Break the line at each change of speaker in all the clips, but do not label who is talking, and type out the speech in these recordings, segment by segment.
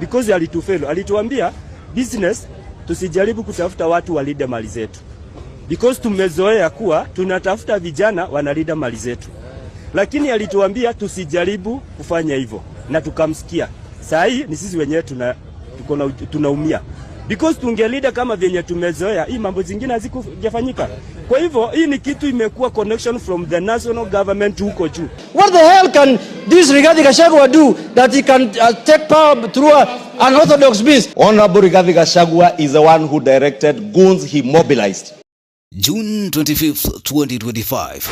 because alitufelo. Alituambia business tusijaribu kutafuta watu walide mali zetu because tumezoea kuwa tunatafuta vijana wanalida mali zetu, lakini alituambia tusijaribu kufanya hivyo na tukamsikia. Saa hii ni sisi wenyewe tuna, tunaumia because tungelida kama vyenye tumezoea, hii mambo zingine hazikujafanyika. Kwa hivyo hii ni kitu imekuwa connection from the national government huko juu.
What the hell can this Rigathi Gachagua do that he can uh, take power through an orthodox means?
Honorable Rigathi Gachagua is the one who directed goons he mobilized.
June 25th, 2025.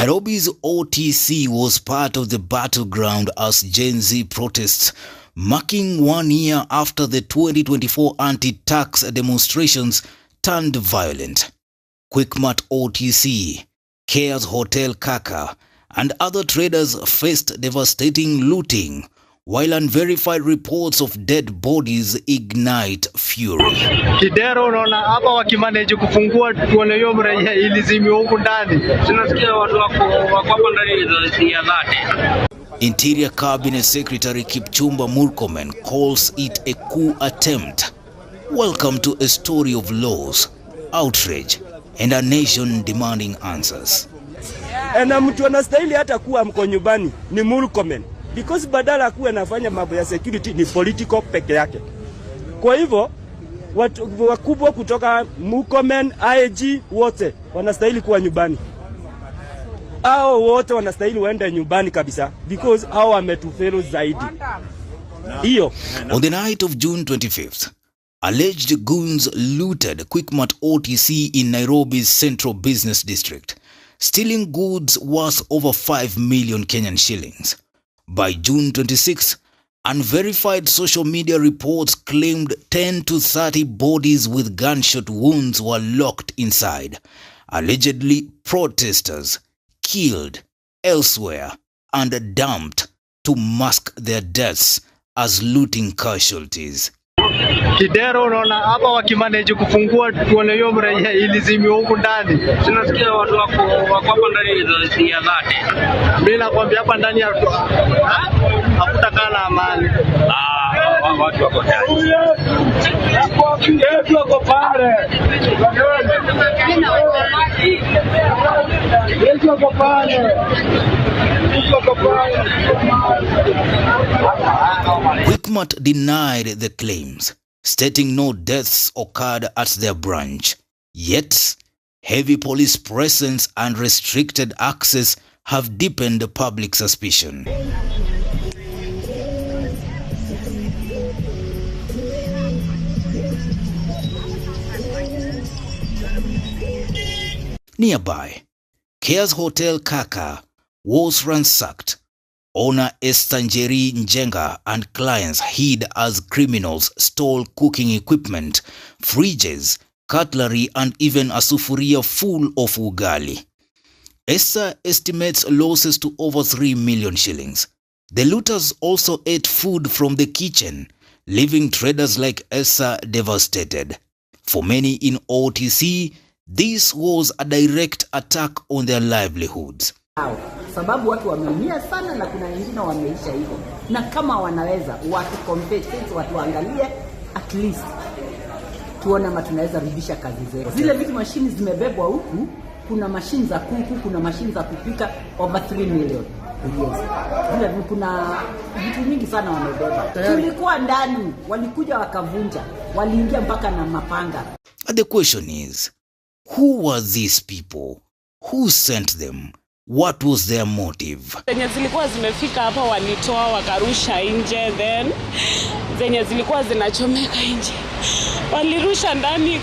Nairobi's OTC was part of the battleground as Gen Z protests, marking one year after the 2024 anti-tax demonstrations turned violent. Quickmart OTC, Cares Hotel Kaka, and other traders faced devastating looting, while unverified reports of dead bodies ignite fury. Kidero unaona hapa wakimanage kufungua tuone hiyo mreja ilizimiwa huku ndani. Tunasikia watu wako wako hapa ndani ya dhati. Interior Cabinet Secretary Kipchumba Murkomen calls it a coup attempt. Welcome to a story of laws, outrage, and a nation demanding answers
yeah. Na mtu anastahili hata kuwa mko nyumbani ni Murkomen, because badala kuwa anafanya mambo ya security ni political peke yake. Kwa hivyo watu wakubwa kutoka Murkomen, IG wote wanastahili kuwa nyumbani hao wote wanastahili waende nyumbani kabisa because hao wametufelo zaidi
hiyo. On the night of June 25th, alleged goons looted Quickmart OTC in Nairobi's Central Business District stealing goods worth over 5 million Kenyan shillings. By June 26, unverified social media reports claimed 10 to 30 bodies with gunshot wounds were locked inside, allegedly protesters killed elsewhere and dumped to mask their deaths as looting casualties. Kidero unaona hapa wakimanage kufungua tuone hiyo mreja ilizimiwa huku ndani. Tunasikia watu wako wako hapa ndani ya dhati. Mimi nakwambia hapa ndani hakutakaa na amani. Ah, hawa watu wako yetu wako pale, yetu wako pale. Wickmart denied the claims, stating no deaths occurred at their branch. Yet, heavy police presence and restricted access have deepened public suspicion. Nearby, Kia's Hotel Kaka was ransacked. Owner Estanjeri Njenga and clients hid as criminals stole cooking equipment, fridges, cutlery, and even a sufuria full of ugali. Esther estimates losses to over 3 million shillings. The looters also ate food from the kitchen, leaving traders like Esther devastated. For many in OTC, This was a direct attack on their livelihoods. Sababu watu wameumia sana na kuna wengine wameisha hivyo, na kama wanaweza watu compensate, watu waangalie at least tuone kama tunaweza rudisha kazi zetu. Zile vitu mashini zimebebwa huku, kuna mashini za kuku, kuna mashini za kupika over 3 million Yes. Kuna vitu nyingi sana wamebeba. Tulikuwa ndani, walikuja wakavunja, waliingia mpaka na mapanga. The question is, Who were these people? Who sent them? What was their motive? Zenye zilikuwa zimefika hapa walitoa wakarusha nje, then zenye zilikuwa zinachomeka nje walirusha ndani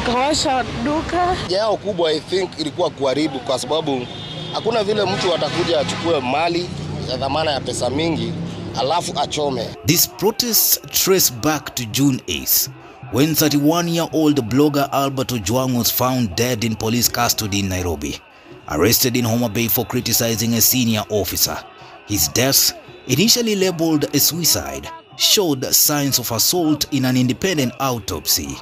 ikawasha duka. Yao kubwa I think ilikuwa kuharibu, kwa sababu hakuna vile mtu atakuja achukue mali ya dhamana ya pesa mingi alafu achome. this protest trace back to June 8 when 31-year-old blogger Albert Ojwang was found dead in police custody in Nairobi, arrested in Homa Bay for criticizing a senior officer. His death, initially labeled a suicide, showed signs of assault in an independent autopsy.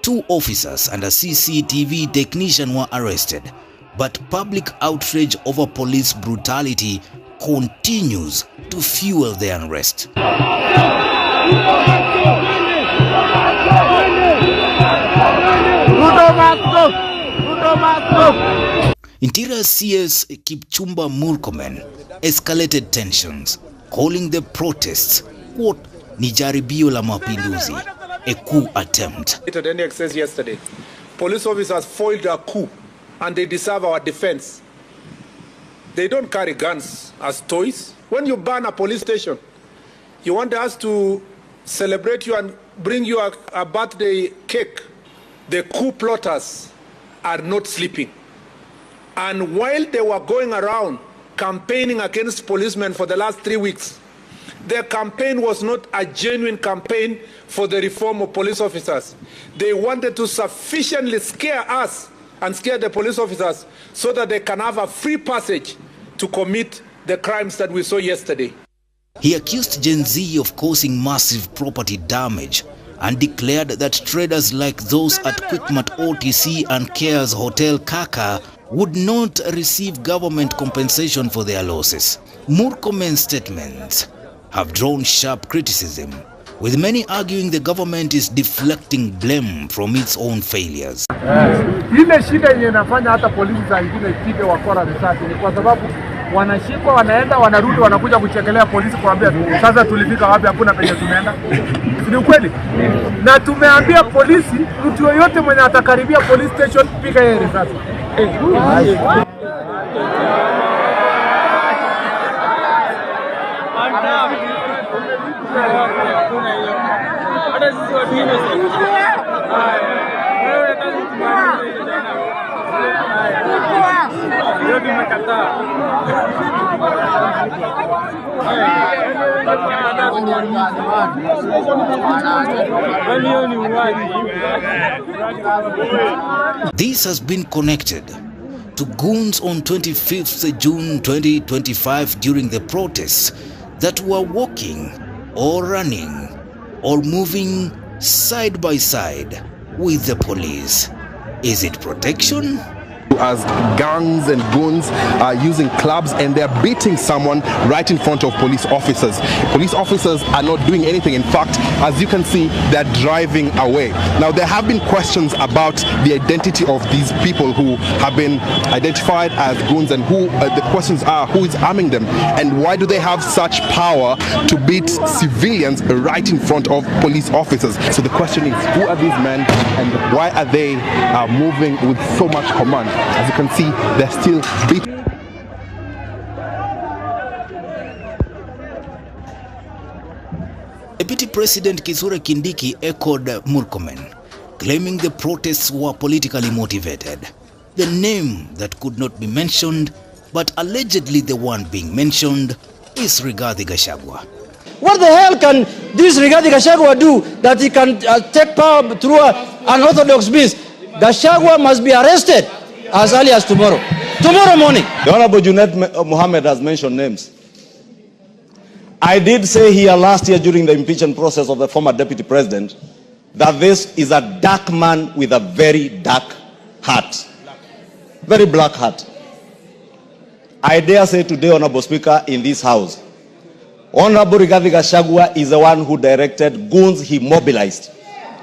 Two officers and a CCTV technician were arrested, but public outrage over police brutality continues to fuel the unrest. Interior CS Kipchumba Murkomen escalated tensions, calling the protests quote, ni jaribio la mapinduzi, a coup attempt.
At any excess yesterday, police officers foiled a coup and they deserve our defense. They don't carry guns as toys. When you burn a police station, you want us to celebrate you and bring you a, a birthday cake. The coup plotters are not sleeping. And while they were going around campaigning against policemen for the last three weeks, their campaign was not a genuine campaign for the reform of police officers. They wanted to sufficiently scare us and scare the police officers so that they can have a free passage to commit the crimes that we saw yesterday.
He accused Gen Z of causing massive property damage and declared that traders like those at Quickmart OTC and Cares Hotel Kaka would not receive government compensation for their losses. Murkomen's statements have drawn sharp criticism, with many arguing the government is deflecting blame from its own failures. Yes wanashikwa, wanaenda, wanarudi, wanakuja kuchekelea polisi kuambia sasa tulifika wapi, hakuna penye tumeenda. Ni ukweli, na tumeambia polisi, mtu yoyote mwenye atakaribia police station piga yeye risasi. Eh. This has been connected to goons on 25th June 2025 during the protests that were walking or running or moving side by side with the police. Is it protection?
as gangs and goons are using clubs and they're beating someone right in front of police officers. Police officers are not doing anything. In fact, as you can see, they're driving away. Now, there have been questions about the identity of these people who have been identified as goons and who uh, the questions are who is arming them and why do they have such power to beat civilians right in front of police officers. So the question is, who are these men and why are they uh, moving with so much command? As you can see, they're still beating.
Deputy President Kithure Kindiki echoed Murkomen, claiming the protests were politically motivated. The name that could not be mentioned, but allegedly the one being mentioned, is Rigathi Gachagua.
What the hell can this Rigathi Gachagua do that he can uh, take power through a, uh, an orthodox means? Gachagua must be arrested as early as tomorrow. Tomorrow morning.
The Honorable Junet uh, Mohammed has mentioned names. I did say here last year during the impeachment process of the former deputy president that this is a dark man with a very dark heart, very black heart. I dare say today, Honorable Speaker, in this house, Honorable Rigathi Gachagua is the one who directed goons he mobilized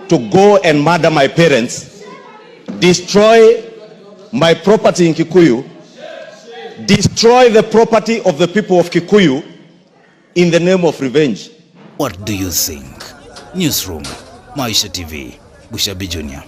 to go and murder my parents, destroy my property in Kikuyu, destroy the property of the people of Kikuyu, in the name of revenge.
What do you think? Newsroom, Maisha TV, Bushabi Junior.